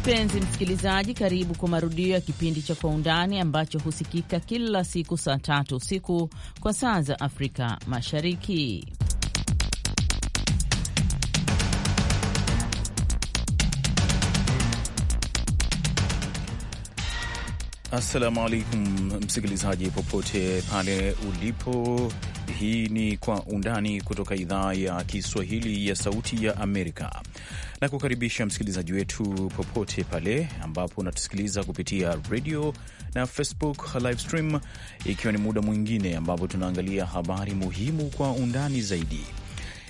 Mpenzi msikilizaji, karibu kwa marudio ya kipindi cha Kwa Undani ambacho husikika kila siku saa tatu usiku kwa saa za Afrika Mashariki. Assalamu alaikum msikilizaji, popote pale ulipo hii ni Kwa Undani kutoka idhaa ya Kiswahili ya Sauti ya Amerika, na kukaribisha msikilizaji wetu popote pale ambapo unatusikiliza kupitia radio na Facebook live stream, ikiwa ni muda mwingine ambapo tunaangalia habari muhimu kwa undani zaidi.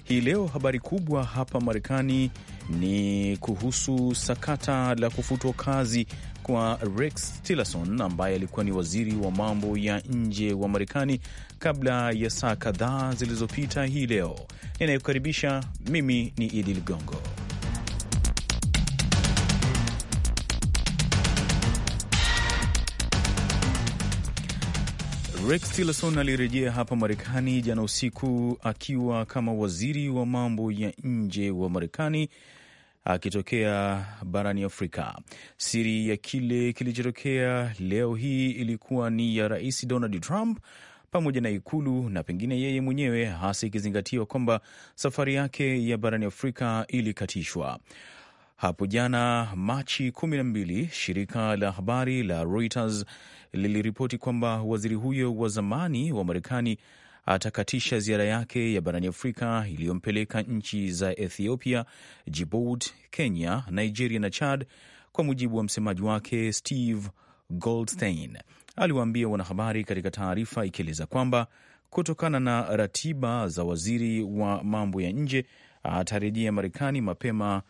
Hii leo habari kubwa hapa Marekani ni kuhusu sakata la kufutwa kazi kwa Rex Tillerson ambaye alikuwa ni waziri wa mambo ya nje wa Marekani kabla ya saa kadhaa zilizopita hii leo. Ninayekukaribisha mimi ni Idi Ligongo. Rex Tillerson alirejea hapa Marekani jana usiku akiwa kama waziri wa mambo ya nje wa Marekani akitokea barani Afrika. Siri ya kile kilichotokea leo hii ilikuwa ni ya Rais Donald Trump pamoja na Ikulu na pengine yeye mwenyewe, hasa ikizingatiwa kwamba safari yake ya barani Afrika ilikatishwa hapo jana Machi kumi na mbili. Shirika la habari la Reuters liliripoti kwamba waziri huyo wa zamani wa Marekani atakatisha ziara yake ya barani Afrika iliyompeleka nchi za Ethiopia, Djibouti, Kenya, Nigeria na Chad. Kwa mujibu wa msemaji wake Steve Goldstein, aliwaambia wanahabari katika taarifa ikieleza kwamba kutokana na ratiba za waziri wa mambo ya nje atarejea Marekani mapema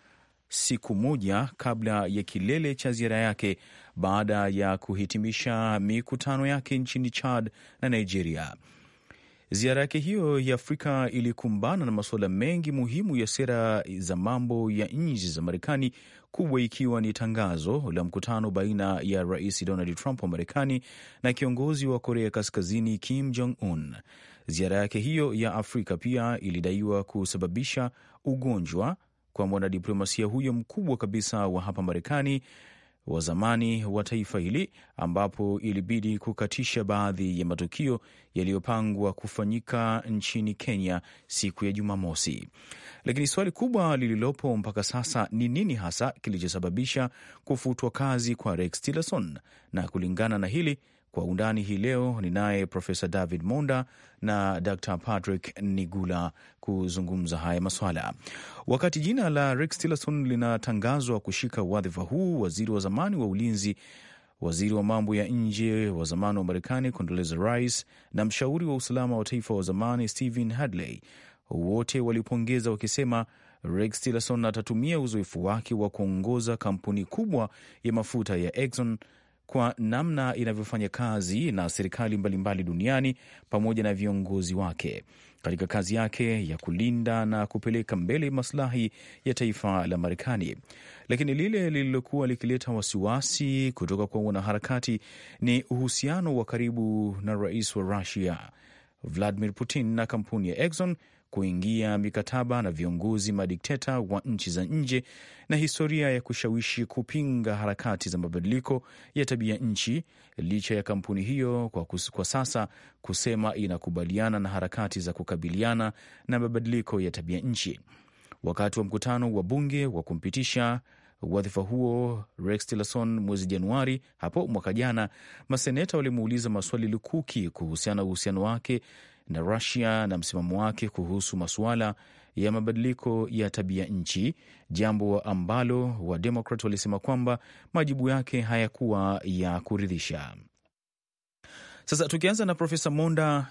siku moja kabla ya kilele cha ziara yake baada ya kuhitimisha mikutano yake nchini Chad na Nigeria. Ziara yake hiyo ya Afrika ilikumbana na masuala mengi muhimu ya sera za mambo ya nje za Marekani, kubwa ikiwa ni tangazo la mkutano baina ya Rais Donald Trump wa Marekani na kiongozi wa Korea Kaskazini Kim Jong Un. Ziara yake hiyo ya Afrika pia ilidaiwa kusababisha ugonjwa kwa mwanadiplomasia huyo mkubwa kabisa wa hapa Marekani wa zamani wa taifa hili ambapo ilibidi kukatisha baadhi ya matukio yaliyopangwa kufanyika nchini Kenya siku ya Jumamosi. Lakini swali kubwa lililopo mpaka sasa ni nini hasa kilichosababisha kufutwa kazi kwa Rex Tillerson? Na kulingana na hili kwa undani hii leo ninaye Profesa David Monda na Dr Patrick Nigula kuzungumza haya maswala. Wakati jina la Rex Tillerson linatangazwa kushika wadhifa huu, waziri wa zamani wa ulinzi, waziri wa mambo ya nje wa zamani wa Marekani Condoleezza Rice na mshauri wa usalama wa taifa wa zamani Stephen Hadley wote walipongeza wakisema Rex Tillerson atatumia uzoefu wake wa kuongoza kampuni kubwa ya mafuta ya Exxon kwa namna inavyofanya kazi na serikali mbalimbali duniani pamoja na viongozi wake katika kazi yake ya kulinda na kupeleka mbele maslahi ya taifa la Marekani. Lakini lile lililokuwa likileta wasiwasi kutoka kwa wanaharakati ni uhusiano wa karibu na rais wa Rusia Vladimir Putin na kampuni ya Exxon kuingia mikataba na viongozi madikteta wa nchi za nje na historia ya kushawishi kupinga harakati za mabadiliko ya tabia nchi, licha ya kampuni hiyo kwa, kus, kwa sasa kusema inakubaliana na harakati za kukabiliana na mabadiliko ya tabia nchi. Wakati wa mkutano wa bunge wa kumpitisha wadhifa huo Rex Tillerson mwezi Januari hapo mwaka jana, maseneta walimuuliza maswali lukuki kuhusiana na uhusiano wake na Rusia na msimamo wake kuhusu masuala ya mabadiliko ya tabia nchi, jambo ambalo Wademokrat walisema kwamba majibu yake hayakuwa ya kuridhisha. Sasa tukianza na Profesa Monda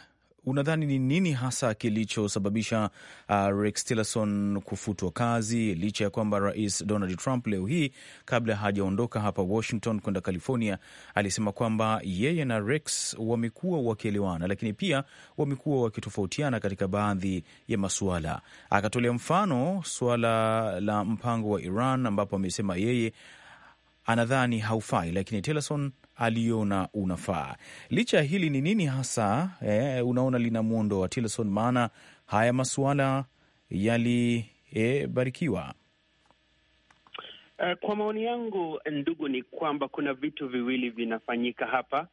unadhani ni nini hasa kilichosababisha uh, Rex Tillerson kufutwa kazi licha ya kwamba Rais Donald Trump leo hii kabla hajaondoka hapa Washington kwenda California alisema kwamba yeye na Rex wamekuwa wakielewana, lakini pia wamekuwa wakitofautiana katika baadhi ya masuala. Akatolea mfano suala la mpango wa Iran ambapo amesema yeye anadhani haufai, lakini Tillerson aliona unafaa. Licha ya hili, ni nini hasa eh, unaona lina mwondo wa Tillerson? Maana haya masuala yalibarikiwa eh. Kwa maoni yangu, ndugu, ni kwamba kuna vitu viwili vinafanyika hapa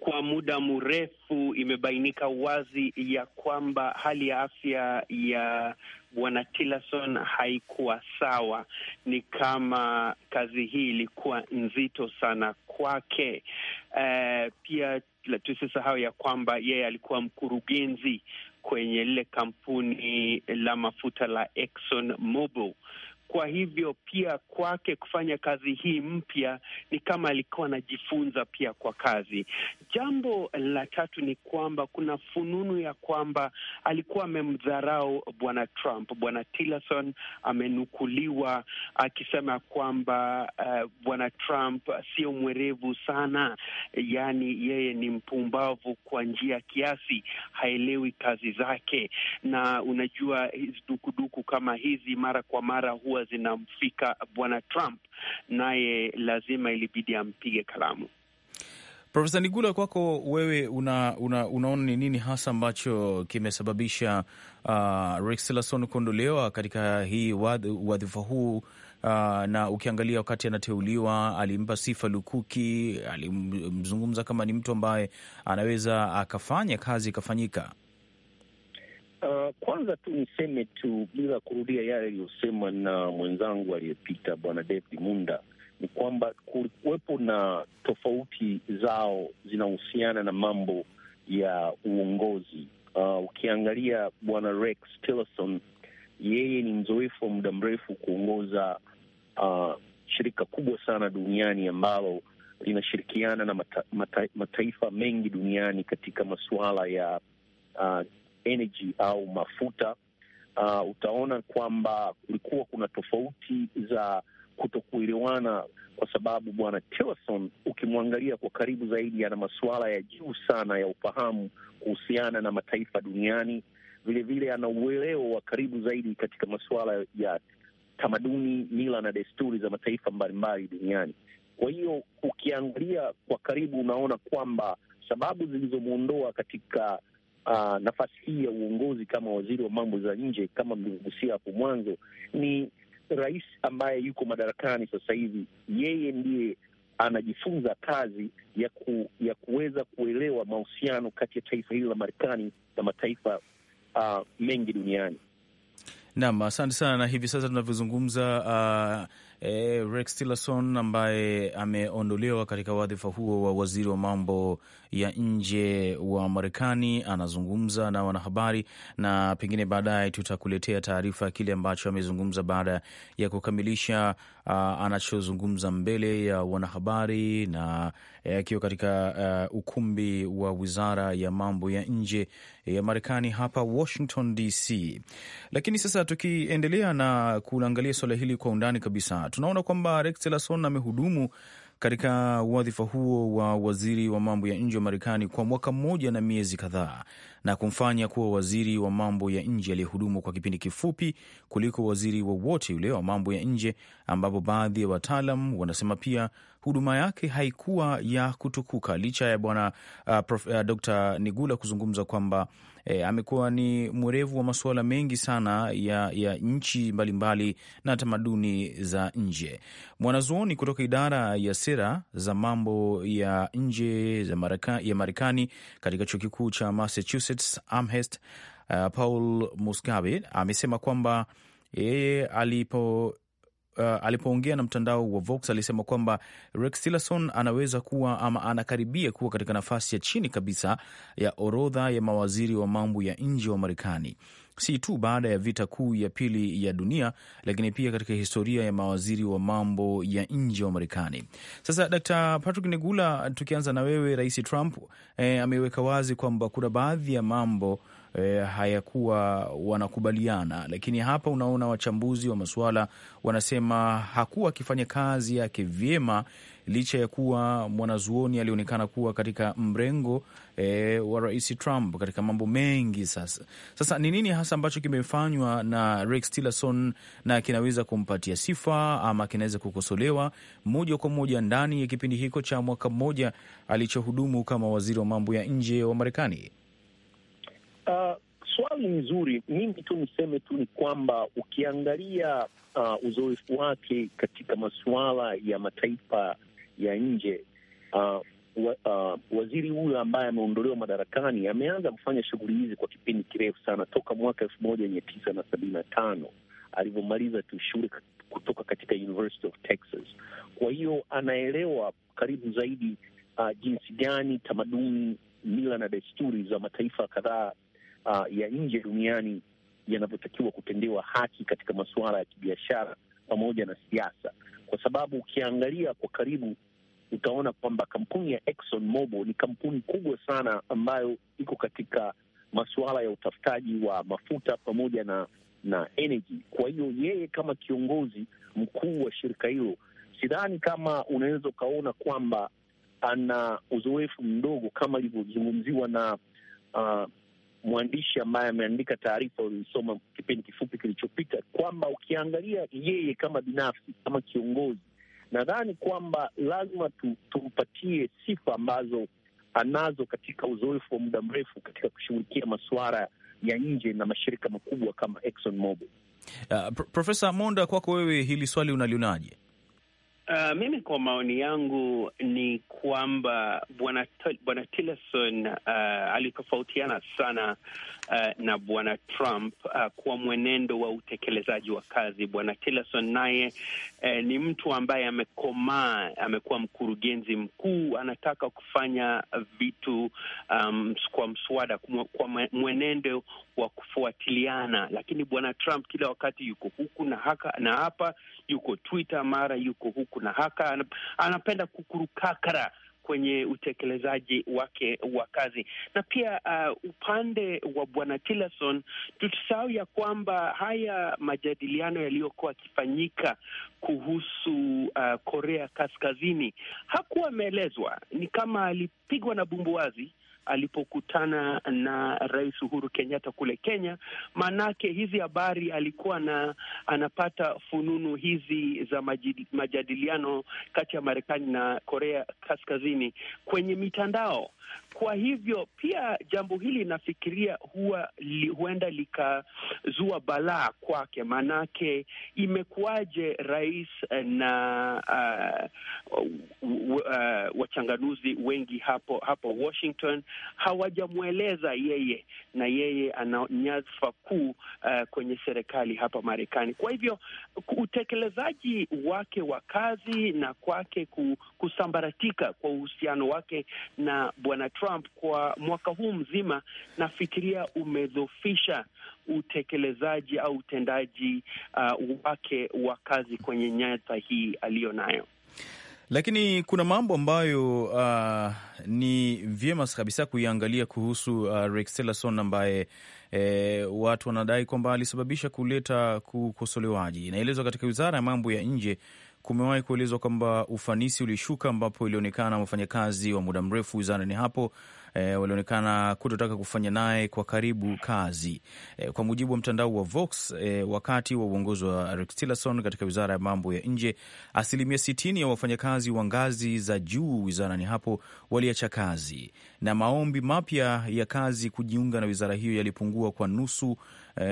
kwa muda mrefu imebainika wazi ya kwamba hali ya afya ya bwana Tillerson haikuwa sawa. Ni kama kazi hii ilikuwa nzito sana kwake. Uh, pia tusisahau ya kwamba yeye alikuwa mkurugenzi kwenye lile kampuni la mafuta la Exxon Mobil kwa hivyo pia kwake kufanya kazi hii mpya ni kama alikuwa anajifunza pia kwa kazi. Jambo la tatu ni kwamba kuna fununu ya kwamba alikuwa amemdharau bwana Trump. Bwana Tillerson amenukuliwa akisema kwamba uh, bwana Trump sio mwerevu sana, yaani yeye ni mpumbavu kwa njia kiasi, haelewi kazi zake. Na unajua dukuduku kama hizi mara kwa mara huwa zilikuwa zinamfika bwana Trump, naye lazima ilibidi ampige kalamu. Profesa Nigula, kwako wewe una, una, unaona ni nini hasa ambacho kimesababisha uh, Rex Tillerson kuondolewa katika hii wadhifa huu uh, na ukiangalia wakati anateuliwa alimpa sifa lukuki, alimzungumza kama ni mtu ambaye anaweza akafanya kazi ikafanyika. Uh, kwanza tu niseme tu bila kurudia yale yaliyosemwa na mwenzangu aliyepita Bwana David Munda ni kwamba kulikuwepo na tofauti zao zinahusiana na mambo ya uongozi. Uh, ukiangalia Bwana Rex Tillerson, yeye ni mzoefu wa muda mrefu kuongoza uh, shirika kubwa sana duniani ambalo linashirikiana na mata, mata, mataifa mengi duniani katika masuala ya uh, energy au mafuta uh, utaona kwamba kulikuwa kuna tofauti za kutokuelewana kwa sababu bwana Tillerson ukimwangalia kwa karibu zaidi, ana masuala ya juu sana ya ufahamu kuhusiana na mataifa duniani. Vilevile ana uelewa wa karibu zaidi katika masuala ya tamaduni, mila na desturi za mataifa mbalimbali duniani. Kwa hiyo ukiangalia kwa karibu, unaona kwamba sababu zilizomwondoa katika uh, nafasi hii ya uongozi kama waziri wa mambo za nje, kama mlivyogusia hapo mwanzo, ni rais ambaye yuko madarakani sasa hivi, yeye ndiye anajifunza kazi ya ku, ya kuweza kuelewa mahusiano kati ya taifa hili la Marekani na mataifa uh, mengi duniani. Naam, asante sana. Na hivi sasa tunavyozungumza, uh, e, Rex Tillerson ambaye ameondolewa katika wadhifa huo wa waziri wa mambo ya nje wa Marekani anazungumza na wanahabari, na pengine baadaye tutakuletea taarifa ya kile ambacho amezungumza baada ya kukamilisha uh, anachozungumza mbele ya wanahabari na eh, akiwa katika uh, ukumbi wa wizara ya mambo ya nje ya Marekani hapa Washington DC. Lakini sasa tukiendelea na kuangalia suala hili kwa undani kabisa, tunaona kwamba Rex Tillerson amehudumu katika wadhifa huo wa waziri wa mambo ya nje wa Marekani kwa mwaka mmoja na miezi kadhaa na kumfanya kuwa waziri wa mambo ya nje aliyehudumu kwa kipindi kifupi kuliko waziri wowote wa yule wa mambo ya nje, ambapo baadhi ya wataalam wanasema pia huduma yake haikuwa ya kutukuka licha ya bwana uh, uh, Dr. Nigula kuzungumza kwamba e, amekuwa ni mwerevu wa masuala mengi sana ya, ya nchi mbalimbali na tamaduni za nje. Mwanazuoni kutoka idara ya sera za mambo ya nje za ya Marekani katika chuo kikuu cha Massachusetts Amherst, uh, Paul Muscabe amesema kwamba yeye alipo uh, alipoongea na mtandao wa Vox alisema kwamba Rex Tillerson anaweza kuwa ama anakaribia kuwa katika nafasi ya chini kabisa ya orodha ya mawaziri wa mambo ya nje wa Marekani, si tu baada ya vita kuu ya pili ya dunia, lakini pia katika historia ya mawaziri wa mambo ya nje wa Marekani. Sasa Dr. Patrick Negula, tukianza na wewe, Rais Trump eh, ameweka wazi kwamba kuna baadhi ya mambo e, hayakuwa wanakubaliana, lakini hapa unaona wachambuzi wa masuala wanasema hakuwa akifanya kazi yake vyema licha ya kuwa mwanazuoni alionekana kuwa katika mrengo e, wa Rais Trump katika mambo mengi. Sasa sasa ni nini hasa ambacho kimefanywa na Rex Tillerson na kinaweza kumpatia sifa ama kinaweza kukosolewa moja kwa moja ndani ya kipindi hiko cha mwaka mmoja alichohudumu kama waziri wa mambo ya nje wa Marekani? Uh, swali nzuri Mimi tu niseme tu ni kwamba ukiangalia uh, uzoefu wake katika masuala ya mataifa ya nje uh, wa, uh, waziri huyo ambaye ameondolewa madarakani ameanza kufanya shughuli hizi kwa kipindi kirefu sana toka mwaka elfu moja mia tisa na sabini na tano alivyomaliza tu shule kutoka katika University of Texas. Kwa hiyo anaelewa karibu zaidi uh, jinsi gani tamaduni, mila na desturi za mataifa kadhaa uh, ya nje duniani yanavyotakiwa kutendewa haki katika masuala ya kibiashara pamoja na siasa, kwa sababu ukiangalia kwa karibu utaona kwamba kampuni ya Exxon Mobil ni kampuni kubwa sana ambayo iko katika masuala ya utafutaji wa mafuta pamoja na na energy. Kwa hiyo yeye kama kiongozi mkuu wa shirika hilo, sidhani kama unaweza ukaona kwamba ana uzoefu mdogo kama ilivyozungumziwa na uh, mwandishi ambaye ameandika taarifa uliosoma kipindi kifupi kilichopita, kwamba ukiangalia yeye kama binafsi, kama kiongozi, nadhani kwamba lazima tumpatie sifa ambazo anazo katika uzoefu wa muda mrefu katika kushughulikia masuala ya nje na mashirika makubwa kama Exxon Mobil. Uh, Profesa Monda, kwako wewe hili swali unalionaje? Uh, mimi kwa maoni yangu ni kwamba bwana Tillerson uh, alitofautiana sana uh, na bwana Trump uh, kwa mwenendo wa utekelezaji wa kazi. Bwana Tillerson naye eh, ni mtu ambaye amekomaa, amekuwa mkurugenzi mkuu, anataka kufanya vitu um, kwa mswada, kwa mwenendo wa kufuatiliana, lakini bwana Trump kila wakati yuko huku na haka na hapa, yuko Twitter mara yuko huku na haka, anapenda kukurukakara kwenye utekelezaji wake wa kazi. Na pia uh, upande wa bwana Tillerson, tutasahau ya kwamba haya majadiliano yaliyokuwa akifanyika kuhusu uh, Korea Kaskazini hakuwa ameelezwa, ni kama alipigwa na bumbuazi alipokutana na Rais Uhuru Kenyatta kule Kenya, maanake hizi habari alikuwa na anapata fununu hizi za majadiliano kati ya Marekani na Korea Kaskazini kwenye mitandao kwa hivyo pia jambo hili nafikiria huwa li, huenda likazua balaa kwake, maanake imekuwaje rais na uh, uh, wachanganuzi wengi hapo hapo Washington hawajamweleza yeye, na yeye ana nyadhifa kuu uh, kwenye serikali hapa Marekani. Kwa hivyo utekelezaji wake wa kazi na kwake kusambaratika kwa uhusiano wake na bwana bwana Trump kwa mwaka huu mzima, nafikiria umedhofisha utekelezaji au utendaji uh, wake wa kazi kwenye nyata hii aliyo nayo lakini kuna mambo ambayo uh, ni vyema kabisa kuiangalia kuhusu uh, Rex Tillerson ambaye e, watu wanadai kwamba alisababisha kuleta kukosolewaji. Inaelezwa katika wizara ya mambo ya nje kumewahi kuelezwa kwamba ufanisi ulishuka, ambapo ilionekana wafanyakazi wa muda mrefu wizarani hapo E, walionekana kutotaka kufanya naye kwa karibu kazi. E, kwa mujibu wa mtandao wa Vox, e, wakati wa uongozi wa Rex Tillerson katika wizara ya mambo ya nje, asilimia 60 ya wafanyakazi wa ngazi za juu wizarani hapo waliacha kazi na maombi mapya ya kazi kujiunga na wizara hiyo yalipungua kwa nusu e,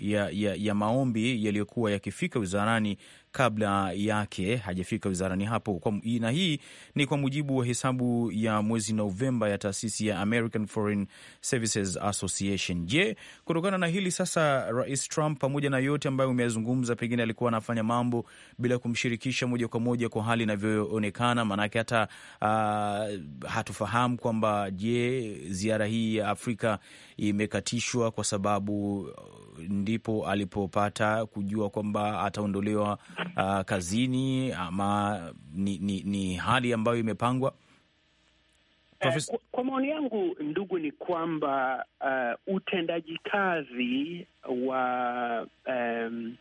ya, ya, ya maombi yaliyokuwa yakifika wizarani kabla yake hajafika wizarani hapo kwa, na hii ni kwa mujibu wa hesabu ya mwezi Novemba ya taasisi ya American Foreign Services Association. Je, kutokana na hili sasa, Rais Trump pamoja na yote ambayo umeyazungumza, pengine alikuwa anafanya mambo bila kumshirikisha moja kwa moja kwa hali inavyoonekana, maanake hata uh, hatufahamu kwamba je, ziara hii ya Afrika imekatishwa kwa sababu ndipo alipopata kujua kwamba ataondolewa uh, kazini ama ni, ni, ni hali ambayo imepangwa? Uh, kwa, kwa maoni yangu ndugu, ni kwamba uh, utendaji kazi wa um,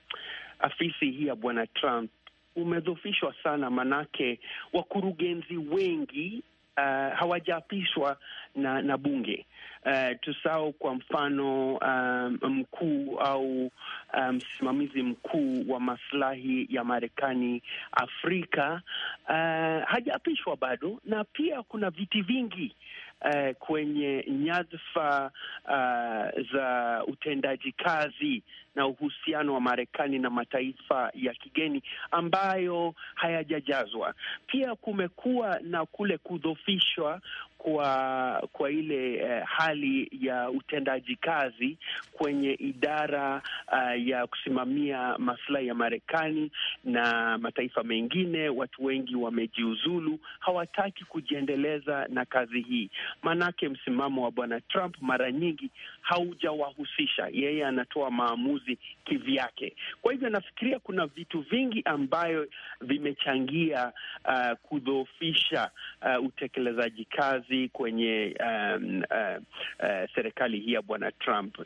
afisi hii ya bwana Trump umedhofishwa sana, manake wakurugenzi wengi uh, hawajaapishwa na, na bunge Eh, tusahau tusao kwa mfano um, mkuu au eh, msimamizi um, mkuu wa maslahi ya Marekani Afrika uh, hajaapishwa bado, na pia kuna viti vingi uh, kwenye nyadhifa uh, za utendaji kazi na uhusiano wa Marekani na mataifa ya kigeni ambayo hayajajazwa. Pia kumekuwa na kule kudhofishwa kwa kwa ile eh, hali ya utendaji kazi kwenye idara uh, ya kusimamia maslahi ya Marekani na mataifa mengine. Watu wengi wamejiuzulu, hawataki kujiendeleza na kazi hii, maanake msimamo wa bwana Trump mara nyingi haujawahusisha yeye, anatoa maamuzi kivyake. Kwa hivyo nafikiria kuna vitu vingi ambayo vimechangia uh, kudhoofisha uh, utekelezaji kazi kazi kwenye um, uh, uh, serikali hii ya bwana Trump uh,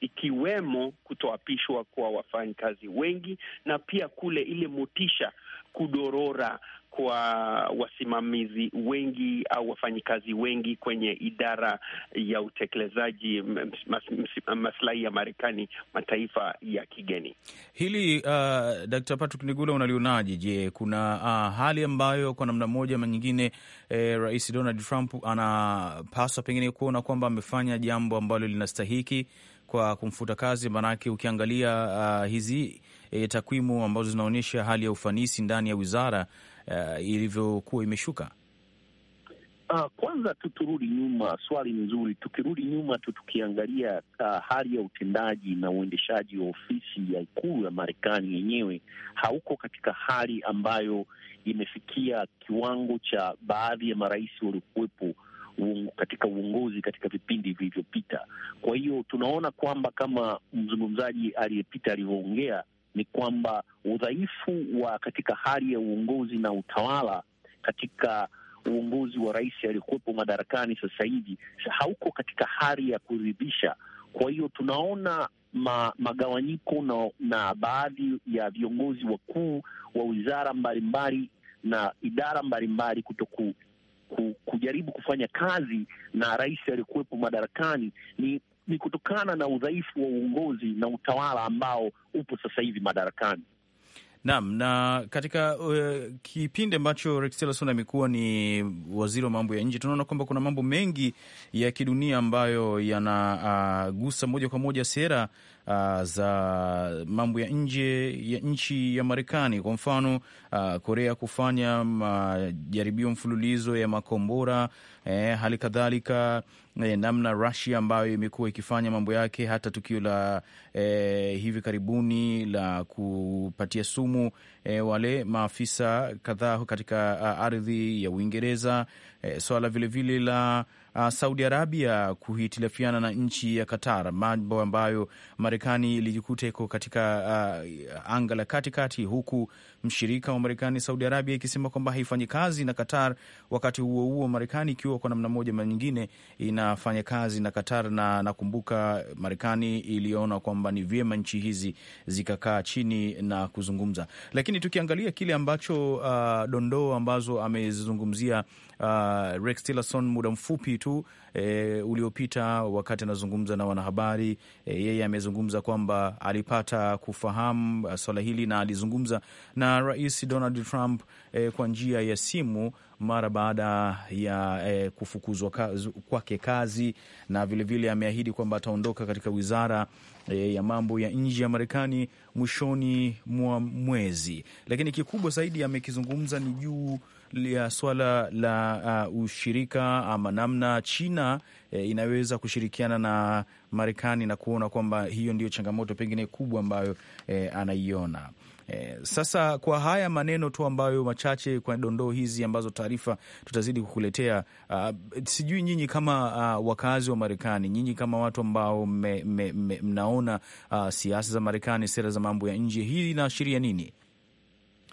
ikiwemo kutoapishwa kwa wafanyakazi wengi na pia kule ile motisha kudorora kwa wasimamizi wengi au wafanyikazi wengi kwenye idara ya utekelezaji maslahi ya Marekani mataifa ya kigeni. Hili uh, Dr. Patrick Nigula unalionaje? Je, kuna uh, hali ambayo kwa namna moja ama nyingine eh, Rais Donald Trump anapaswa pengine kuona kwamba amefanya jambo ambalo linastahiki kwa kumfuta kazi, maanake ukiangalia uh, hizi E, takwimu ambazo zinaonyesha hali ya ufanisi ndani ya wizara uh, ilivyokuwa imeshuka? Uh, kwanza tu turudi nyuma, swali ni nzuri. Tukirudi nyuma tu tukiangalia uh, hali ya utendaji na uendeshaji wa ofisi ya ikulu ya Marekani yenyewe hauko katika hali ambayo imefikia kiwango cha baadhi ya marais waliokuwepo katika uongozi katika vipindi vilivyopita. Kwa hiyo tunaona kwamba kama mzungumzaji aliyepita alivyoongea ni kwamba udhaifu wa katika hali ya uongozi na utawala katika uongozi wa rais aliyekuwepo madarakani sasa hivi hauko katika hali ya kuridhisha. Kwa hiyo tunaona ma, magawanyiko na, na baadhi ya viongozi wakuu wa wizara mbalimbali na idara mbalimbali ku, kujaribu kufanya kazi na rais aliyekuwepo madarakani. Ni ni kutokana na udhaifu wa uongozi na utawala ambao upo sasa hivi madarakani. Naam, na katika uh, kipindi ambacho Rex Tillerson amekuwa ni waziri wa mambo ya nje, tunaona kwamba kuna mambo mengi ya kidunia ambayo yanagusa uh, moja kwa moja sera uh, za mambo ya nje ya nchi ya Marekani, kwa mfano uh, Korea kufanya majaribio mfululizo ya makombora eh, hali kadhalika eh, namna Russia ambayo imekuwa ikifanya mambo yake, hata tukio la eh, hivi karibuni la kupatia sumu eh, wale maafisa kadhaa katika uh, ardhi ya Uingereza eh, swala vilevile la uh, Saudi Arabia kuhitilafiana na nchi ya Qatar, mambo ambayo Marekani ilijikuta iko katika uh, anga la katikati, huku mshirika wa Marekani Saudi Arabia ikisema kwamba haifanyi kazi na Qatar. Wakati huo huo, Marekani ikiwa kwa namna moja manyingine inafanya kazi na Qatar, na nakumbuka Marekani iliona kwamba ni vyema nchi hizi zikakaa chini na kuzungumza, lakini tukiangalia kile ambacho uh, dondoo ambazo amezizungumzia uh, Rex Tillerson muda mfupi tu e, uliopita wakati anazungumza na wanahabari e, yeye amezungumza kwamba alipata kufahamu uh, swala hili na alizungumza na Rais Donald Trump e, kwa njia ya simu mara baada ya e, kufukuzwa kwake kazi na vilevile ameahidi kwamba ataondoka katika wizara e, ya mambo ya nje ya Marekani mwishoni mwa mwezi, lakini kikubwa zaidi amekizungumza ni juu ya swala la uh, ushirika ama namna China eh, inaweza kushirikiana na Marekani na kuona kwamba hiyo ndiyo changamoto pengine kubwa ambayo eh, anaiona. Eh, sasa kwa haya maneno tu ambayo machache kwa dondoo hizi ambazo taarifa tutazidi kukuletea, uh, sijui nyinyi kama uh, wakazi wa Marekani, nyinyi kama watu ambao mnaona uh, siasa za Marekani, sera za mambo ya nje, hii inaashiria nini?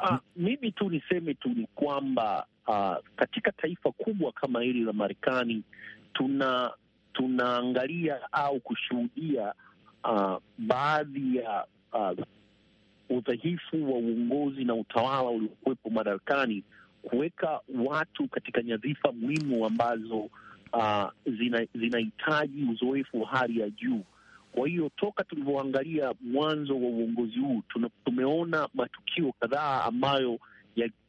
Ah. mimi tu niseme tu ni kwamba uh, katika taifa kubwa kama hili la Marekani tuna tunaangalia au kushuhudia uh, baadhi ya uh, udhaifu wa uongozi na utawala uliokuwepo madarakani kuweka watu katika nyadhifa muhimu ambazo uh, zinahitaji zina uzoefu wa hali ya juu kwa hiyo toka tulivyoangalia mwanzo wa uongozi huu tumeona matukio kadhaa ambayo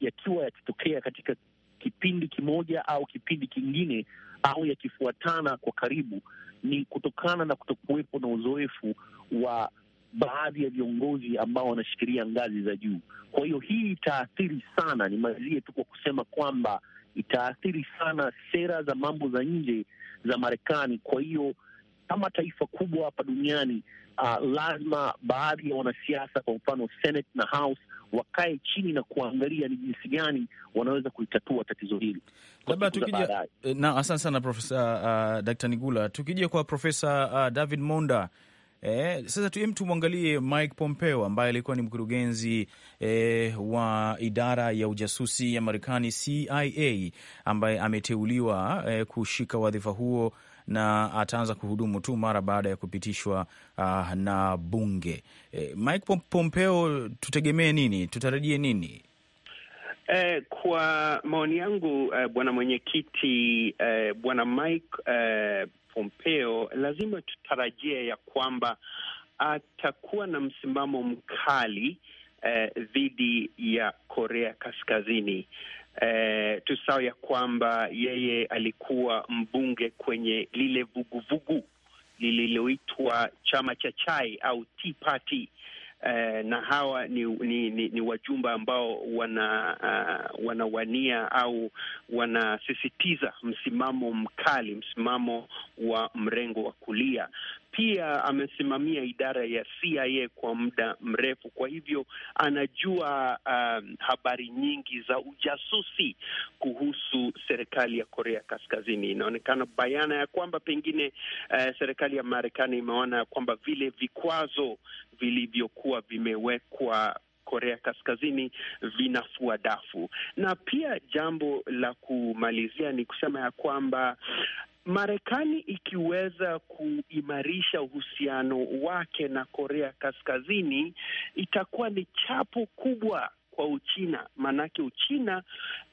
yakiwa yakitokea katika kipindi kimoja au kipindi kingine au yakifuatana kwa karibu, ni kutokana na kutokuwepo na uzoefu wa baadhi ya viongozi ambao wanashikilia ngazi za juu. Kwa hiyo hii itaathiri sana, nimalizie tu kwa kusema kwamba itaathiri sana sera za mambo za nje za Marekani. Kwa hiyo kama taifa kubwa hapa duniani uh, lazima baadhi ya wanasiasa kwa mfano Senate na House wakae chini na kuangalia ni jinsi gani wanaweza kulitatua tatizo hili. Labda tukija eh, na asante sana Profesa uh, Dkt. Nigula, tukija kwa Profesa uh, David Monda. Eh, sasa tu tumwangalie Mike Pompeo ambaye alikuwa ni mkurugenzi eh, wa idara ya ujasusi ya Marekani CIA ambaye ameteuliwa eh, kushika wadhifa huo na ataanza kuhudumu tu mara baada ya kupitishwa uh, na bunge. E, Mike Pompeo, tutegemee nini? Tutarajie nini? Eh, kwa maoni yangu eh, bwana mwenyekiti eh, bwana Mike eh, Pompeo, lazima tutarajie ya kwamba atakuwa na msimamo mkali eh, dhidi ya Korea Kaskazini eh, tusahau ya kwamba yeye alikuwa mbunge kwenye lile vuguvugu lililoitwa chama cha chai au Tea Party. Eh, na hawa ni, ni, ni, ni wajumbe ambao wana uh, wanawania au wanasisitiza msimamo mkali, msimamo wa mrengo wa kulia pia amesimamia idara ya CIA kwa muda mrefu, kwa hivyo anajua um, habari nyingi za ujasusi kuhusu serikali ya Korea Kaskazini. Inaonekana bayana ya kwamba pengine uh, serikali ya Marekani imeona ya kwamba vile vikwazo vilivyokuwa vimewekwa Korea Kaskazini vinafua dafu. Na pia jambo la kumalizia ni kusema ya kwamba Marekani ikiweza kuimarisha uhusiano wake na Korea Kaskazini itakuwa ni chapu kubwa kwa Uchina, maanake Uchina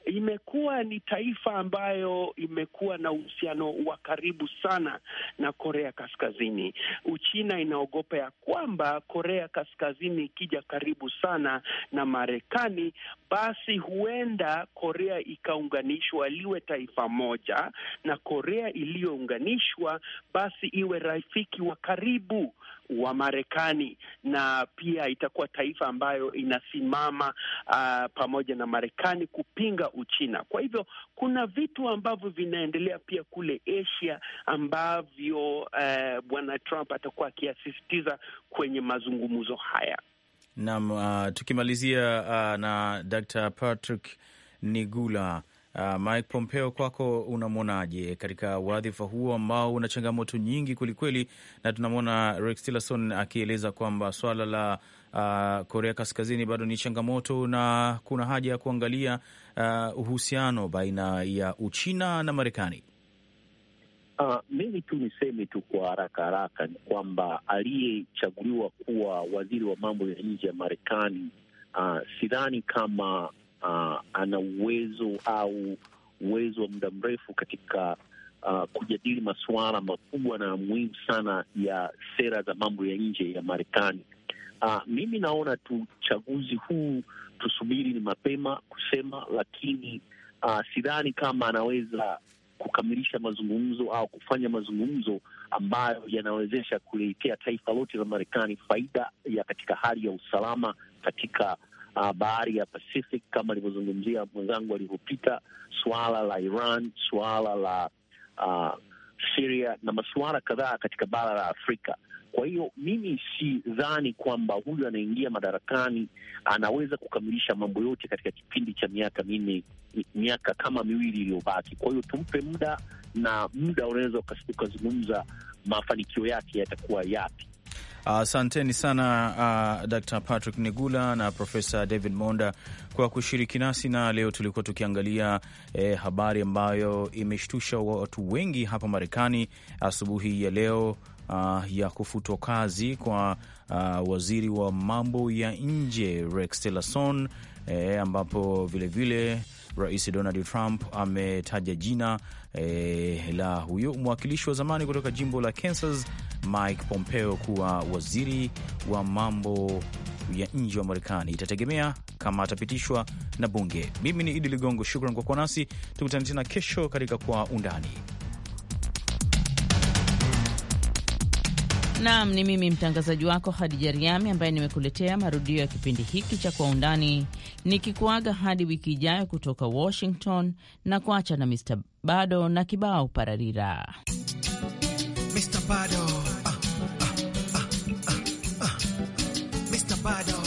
imekuwa ni taifa ambayo imekuwa na uhusiano wa karibu sana na Korea Kaskazini. Uchina inaogopa ya kwamba Korea Kaskazini ikija karibu sana na Marekani, basi huenda Korea ikaunganishwa liwe taifa moja, na Korea iliyounganishwa basi iwe rafiki wa karibu wa Marekani, na pia itakuwa taifa ambayo inasimama uh, pamoja na Marekani kupinga Uchina. Kwa hivyo kuna vitu ambavyo vinaendelea pia kule Asia ambavyo uh, bwana Trump atakuwa akiyasisitiza kwenye mazungumzo haya. Naam, uh, tukimalizia uh, na Dr. Patrick Nigula Uh, Mike Pompeo, kwako unamwonaje katika wadhifa huo ambao una changamoto nyingi kwelikweli, na tunamwona Rex Tillerson akieleza kwamba swala la uh, Korea Kaskazini bado ni changamoto na kuna haja ya kuangalia uh, uhusiano baina ya Uchina na Marekani. Uh, mimi tu niseme tu kwa haraka haraka ni kwamba aliyechaguliwa kuwa waziri wa mambo ya nje ya Marekani, uh, sidhani kama uh, ana uwezo au uwezo wa muda mrefu katika uh, kujadili masuala makubwa na muhimu sana ya sera za mambo ya nje ya Marekani. Uh, mimi naona tu uchaguzi huu tusubiri, ni mapema kusema, lakini uh, sidhani kama anaweza kukamilisha mazungumzo au kufanya mazungumzo ambayo yanawezesha kuletea taifa lote la Marekani faida ya katika hali ya usalama katika uh, bahari ya Pacific kama alivyozungumzia mwenzangu alivyopita, suala la Iran, suala la uh, Syria na masuala kadhaa katika bara la Afrika. Kwa hiyo mimi si dhani kwamba huyu anaingia madarakani anaweza kukamilisha mambo yote katika kipindi cha miaka minne, miaka kama miwili iliyobaki. Kwa hiyo tumpe muda, na muda unaweza ukazungumza mafanikio yake yatakuwa yapi. Asanteni uh, sana uh, Dr Patrick Negula na Profesa David Monda kwa kushiriki nasi, na leo tulikuwa tukiangalia eh, habari ambayo imeshtusha watu wengi hapa Marekani asubuhi ya leo. Uh, ya kufutwa kazi kwa uh, waziri wa mambo ya nje Rex Tillerson eh, ambapo vilevile Rais Donald Trump ametaja jina eh, la huyo mwakilishi wa zamani kutoka jimbo la Kansas Mike Pompeo kuwa waziri wa mambo ya nje wa Marekani itategemea kama atapitishwa na bunge. Mimi ni Idi Ligongo, shukran kwa kuwa nasi. Tukutane tena kesho katika Kwa Undani. Naam, ni mimi mtangazaji wako Hadija Riami ambaye nimekuletea marudio ya kipindi hiki cha Kwa Undani, nikikuaga hadi wiki ijayo kutoka Washington na kuacha na Mr Bado na kibao pararira. Mr Bado, ah, ah, ah, Mr Bado.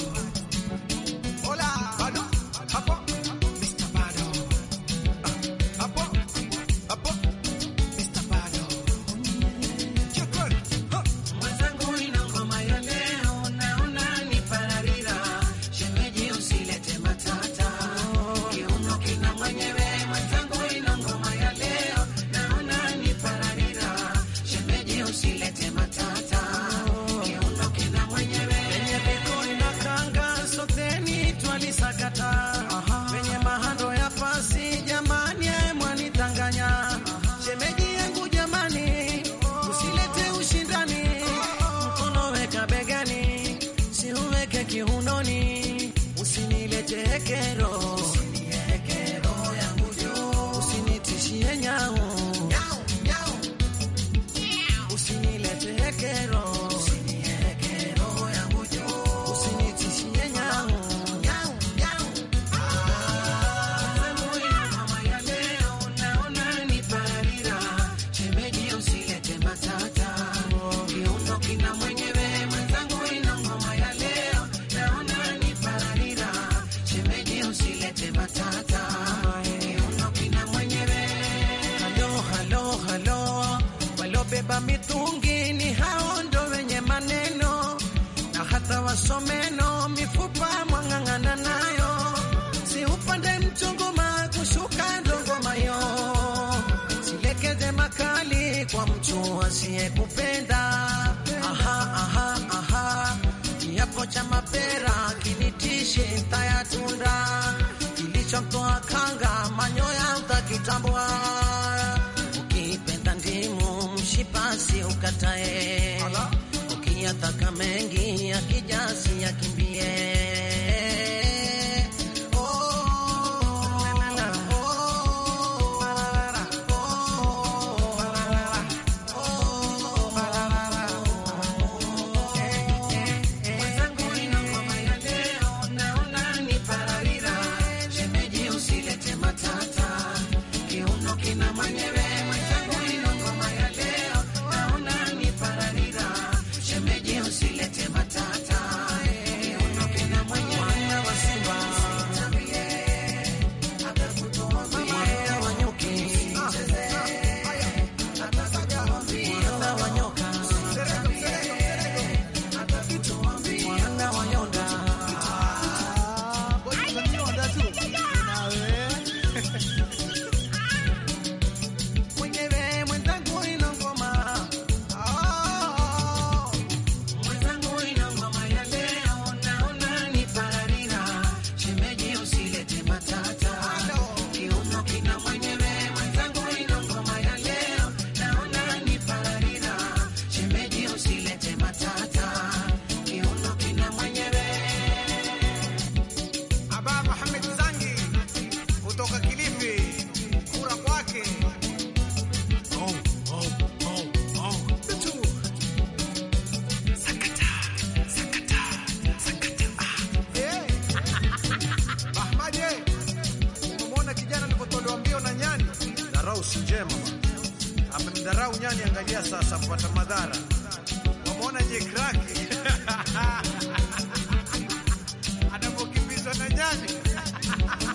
akatae ha, ha.